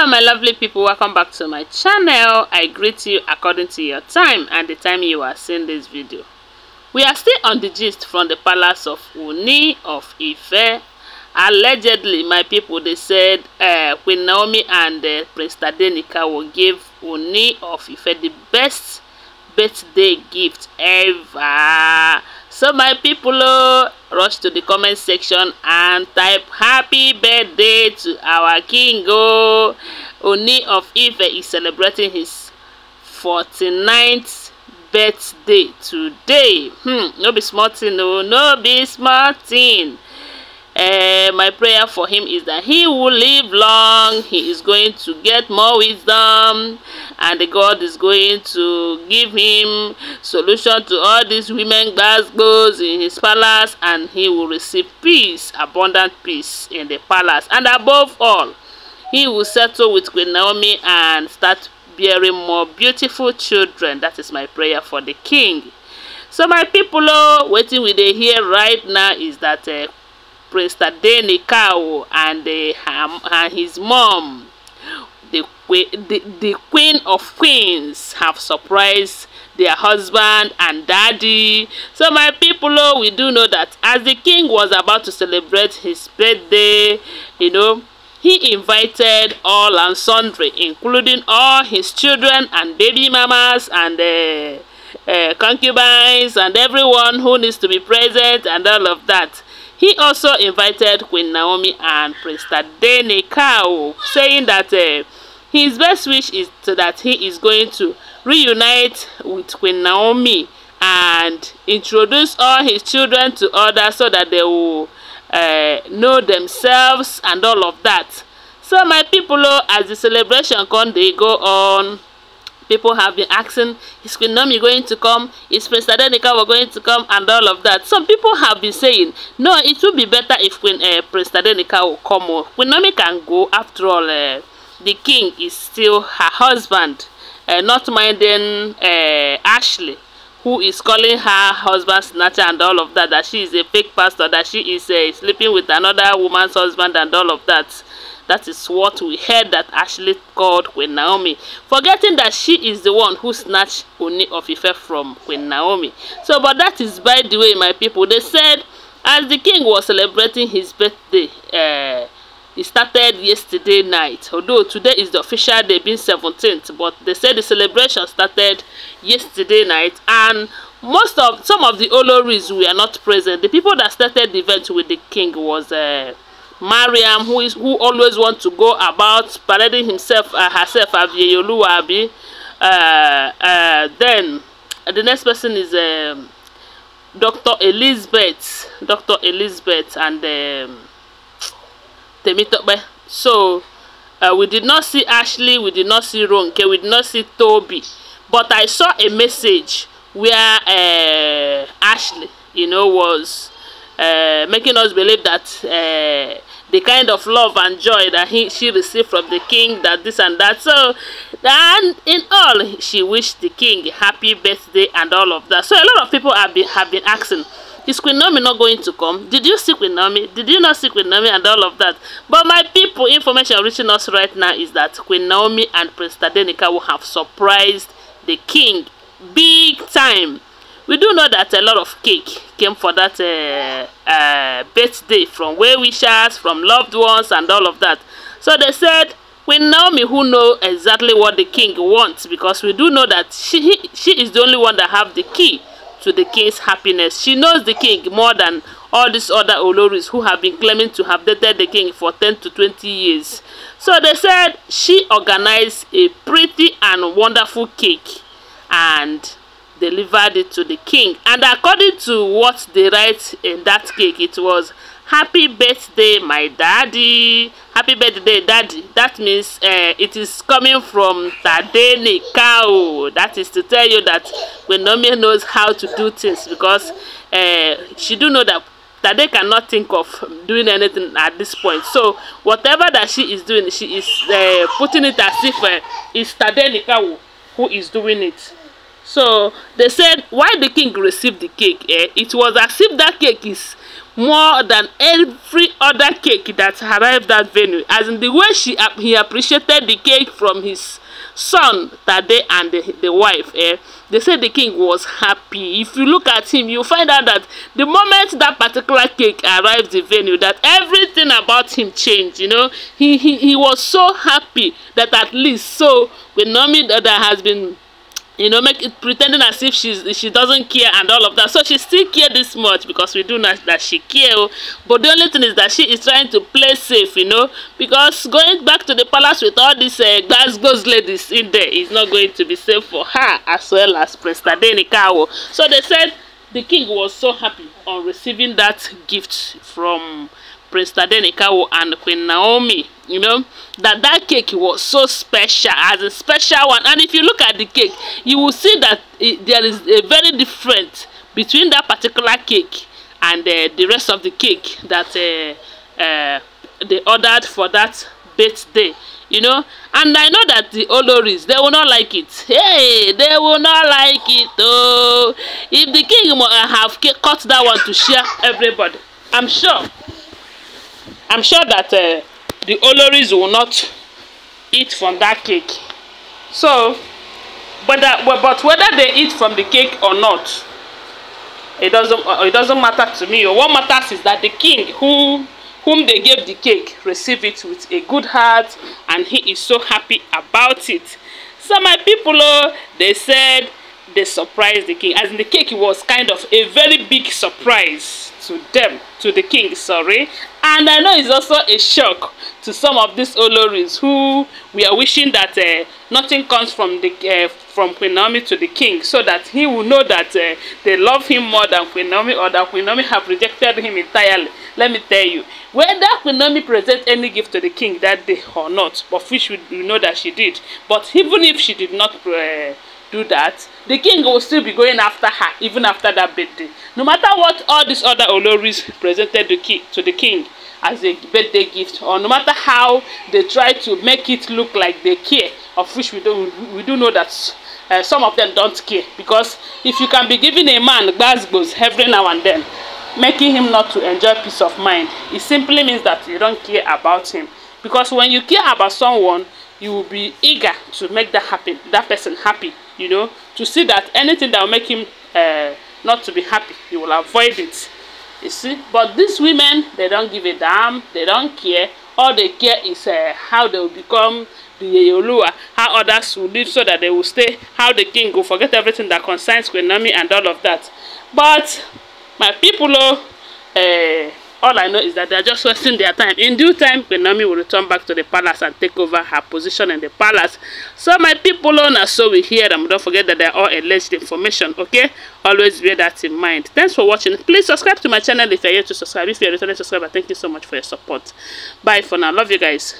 hello my lovely people welcome back to my channel i greet you according to your time and the time you are seeing this video we are still on the gist from the palace of Uni of Ife allegedly my people they said uh Queen Naomi and uh, Prince Tadenikawo will give Uni of Ife the best birthday gift ever So my people oh, rush to the comment section and type happy birthday to our king oh. Oni of Ife is celebrating his 49th birthday today. Hmm, no be small thing oh, no be small thing. Eh, my prayer for him is that he will live long he is going to get more wisdom and the god is going to give him solution to all these women glasgows in his palace and he will receive peace abundant peace in the palace and above all he will settle with queen naomi and start bearing more beautiful children that is my prayer for the king so my people oh waiting with the here right now is that uh, that Danny Cow and, uh, and his mom, the, the, the queen of queens, have surprised their husband and daddy. So my people, oh, we do know that as the king was about to celebrate his birthday, you know, he invited all and sundry, including all his children and baby mamas and uh, uh, concubines and everyone who needs to be present and all of that. He also invited Queen Naomi and Prince Tadane Kao, saying that uh, his best wish is that he is going to reunite with Queen Naomi and introduce all his children to others so that they will uh, know themselves and all of that. So my people, oh, as the celebration come, they go on. people have been asking, is Queen Nomi going to come? Is Prince Tadenika going to come? And all of that. Some people have been saying, no, it would be better if Queen uh, Prince Tadenika will come. Oh. Queen Nomi can go. After all, uh, the king is still her husband. Uh, not minding uh, Ashley who is calling her husband snatcher and all of that, that she is a fake pastor, that she is uh, sleeping with another woman's husband and all of that. That is what we heard that actually called Queen Naomi, forgetting that she is the one who snatched Oni of Ife from Queen Naomi. So, but that is by the way, my people. They said as the king was celebrating his birthday, uh, eh, it started yesterday night. Although today is the official day being 17th, but they said the celebration started yesterday night and most of some of the Oloris were not present. The people that started the event with the king was uh, Mariam, who, is, who always wants to go about parading himself, uh, herself as Yeyoluwa Abi. Uh, uh, then the next person is um, Dr. Elizabeth. Dr. Elizabeth and um, Temitope. So uh, we did not see Ashley, we did not see Ronke, we did not see Toby. But I saw a message where uh, Ashley, you know, was uh, making us believe that uh, the kind of love and joy that he, she received from the king, that this and that. So, and in all, she wished the king happy birthday and all of that. So a lot of people have been, have been asking, is Queen Naomi not going to come? Did you see Queen Naomi? Did you not see Queen Naomi and all of that? But my people, information reaching us right now is that Queen Naomi and Prince Tadenika will have surprised the king big time. we do know that a lot of cake came for that uh, uh, birthday from well wishers, from loved ones, and all of that. So they said, know Naomi, who know exactly what the king wants, because we do know that she he, she is the only one that have the key to the king's happiness. She knows the king more than all these other Oloris who have been claiming to have dated the king for 10 to 20 years. So they said she organized a pretty and wonderful cake and delivered it to the king. And according to what they write in that cake, it was happy birthday my daddy happy birthday daddy that means uh, it is coming from tadeni cow that is to tell you that Wenomi knows how to do things because uh, she do know that Tade cannot think of doing anything at this point so whatever that she is doing she is uh, putting it as if uh, it's Tadeni cow who is doing it So they said, why the king received the cake? Eh? It was as if that cake is more than every other cake that arrived that venue. As in the way she, he appreciated the cake from his son, Tade, and the, the wife. Eh? They said the king was happy. If you look at him, you find out that the moment that particular cake arrived the venue, that everything about him changed. You know, he, he, he was so happy that at least so, when Nomi that has been you know make it pretending as if she's she doesn't care and all of that so she still care this much because we do know that she care oh. but the only thing is that she is trying to play safe you know because going back to the palace with all these uh, eh, gbasgbos ladies in there is not going to be safe for her as well as prestadenikawo so they said the king was so happy on receiving that gift from Prince Tadenikawo and Queen Naomi. You know, that that cake was so special, as a special one. And if you look at the cake, you will see that it, there is a very different between that particular cake and uh, the rest of the cake that uh, uh, they ordered for that birthday you know and i know that the oloris they will not like it hey they will not like it oh if the king uh, have cut that one to share everybody i'm sure I'm sure that uh, the Oloris will not eat from that cake. So, but, that, but whether they eat from the cake or not, it doesn't, uh, it doesn't matter to me. What matters is that the king who, whom they gave the cake received it with a good heart and he is so happy about it. So my people, oh, they said they surprised the king. As in the cake was kind of a very big surprise to them, to the king, sorry. And I know it's also a shock to some of these Oloris who we are wishing that uh, nothing comes from the uh, from Queen Naomi to the king, so that he will know that uh, they love him more than Queen Naomi or that Queen Naomi have rejected him entirely. Let me tell you, whether Queen Naomi present any gift to the king that day or not, of which we know that she did, but even if she did not. Uh, do that, the king will still be going after her even after that birthday. No matter what all these other Oloris presented to the king as a birthday gift, or no matter how they try to make it look like they care, of which we do, we do know that uh, some of them don't care. Because if you can be giving a man glasgows every now and then, making him not to enjoy peace of mind, it simply means that you don't care about him. Because when you care about someone, you will be eager to make that happen, that person happy. you know, to see that anything that will make him uh, not to be happy, he will avoid it. You see? But these women, they don't give a damn, they don't care. All they care is uh, how they will become the Yeyolua, how others will live so that they will stay, how the king will forget everything that concerns Kwenami and all of that. But my people, oh, uh, All I know is that they are just wasting their time. In due time, Queen Naomi will return back to the palace and take over her position in the palace. So my people on us, so we hear them. Don't forget that they are all alleged information, okay? Always bear that in mind. Thanks for watching. Please subscribe to my channel if you are yet to subscribe. If you are a returning subscriber, thank you so much for your support. Bye for now. Love you guys.